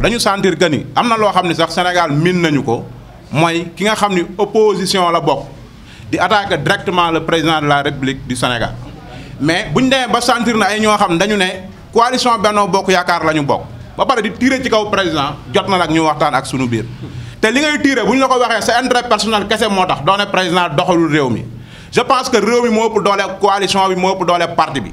dañu sentir gani, amna lo xamni sax Sénégal min nañu ko moy ki nga xamni opposition la bok di attaquer directement le président de la République du Sénégal mais buñ ñu ba sentir na ay ño xam dañu né coalition Benno bok Yaakaar la bok ba paré di tirer ci kaw président jot na nag ñu waxtaan ak sunu biir. té li ngay tirer buñ la ko waxee sa intérêt personnel kese motax tax doone président doxalul réew mi je pense que réew mi mo pour doole coalition bi mo pour doole parti bi.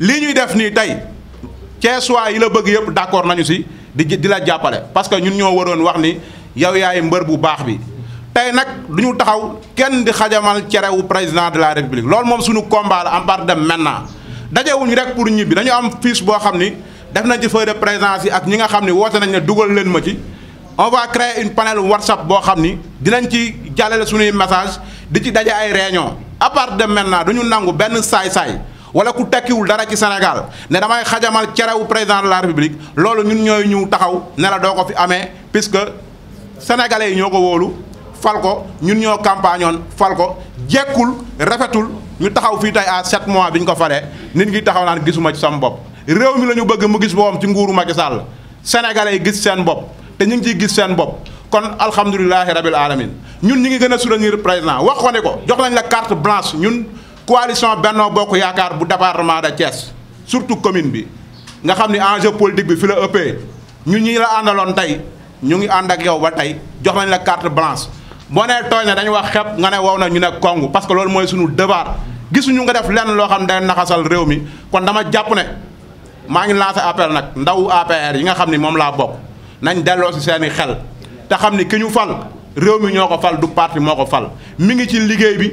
lii ñuy def nii tey Ceesuwaa yi la bëgg yëpp d'accord nañu si di di la jàppale parce que ñun ñoo waroon wax ni yow yaay mbër bu baax bi tey nag du ñu taxaw kenn di xajamal cerewu président de la république loolu moom suñu combat la à partir maintenant dajewuñu rek pour ñibbi dañu am fiche boo xam ni def nañ ci feuille de yi ak ñi nga xam ni woote nañ ne dugal leen ma ci on va créer une panel whatsapp boo xam ni dinañ ci jàllale suñuy message di ci daje ay réunion à partir maintenant du nangu benn saay-saay wala ku tekkiwul dara ci Sénégal ne damay xajamal cerewu président la république loolu ñun ñooy ñu taxaw ne doo ko fi amee puisque sénégalais yi ñoo ko wóolu fal ko ñun ñoo campagne oon fal ko jekkul rafetul ñu taxaw fii tey à sept mois bi ñu ko falee nit ngi taxaw naan gisuma ci sama bopp réew mi la ñu bëgg mu gis boppam ci nguuru Macky Sall sénégalais yi gis seen bopp te ñu ngi ciy gis seen bopp kon alhamdulilahi rabil alamin ñun ñi ngi gën a soutenir président wax ko ko jox lañ la carte blanche ñun coalition Benno Bokk Yaakaar bu département de Thiès surtout commune bi nga xam ni enjeu politique bi fi la ëppee ñu ñi la àndaloon tey ñu ngi ànd ak yow ba tey jox nañ la carte blanche boo nee tooy ne dañu wax xepp nga ne wow na ñu ne kongu parce que loolu mooy suñu devoir gisuñu nga def lenn loo xam ne day naxasal réew mi kon dama jàpp ne maa ngi lancé appel nag ndawu APR yi nga xam ni moom laa bokk nañ delloo si seeni xel te xam ni ki ñu fal réew mi ñoo ko fal du parti moo ko fal mi ngi ci liggéey bi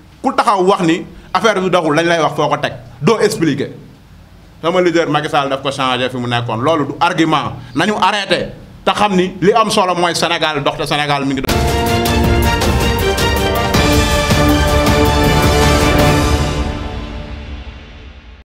ku taxaw wax ni affaire bi doxul lañ lay wax foo ko teg doo expliquer sama leader Macky Sall daf ko changé fi mu nekkoon loolu du argument nañu arrêté te xam ni li am solo mooy Sénégal dox te Sénégal mi ngi dox.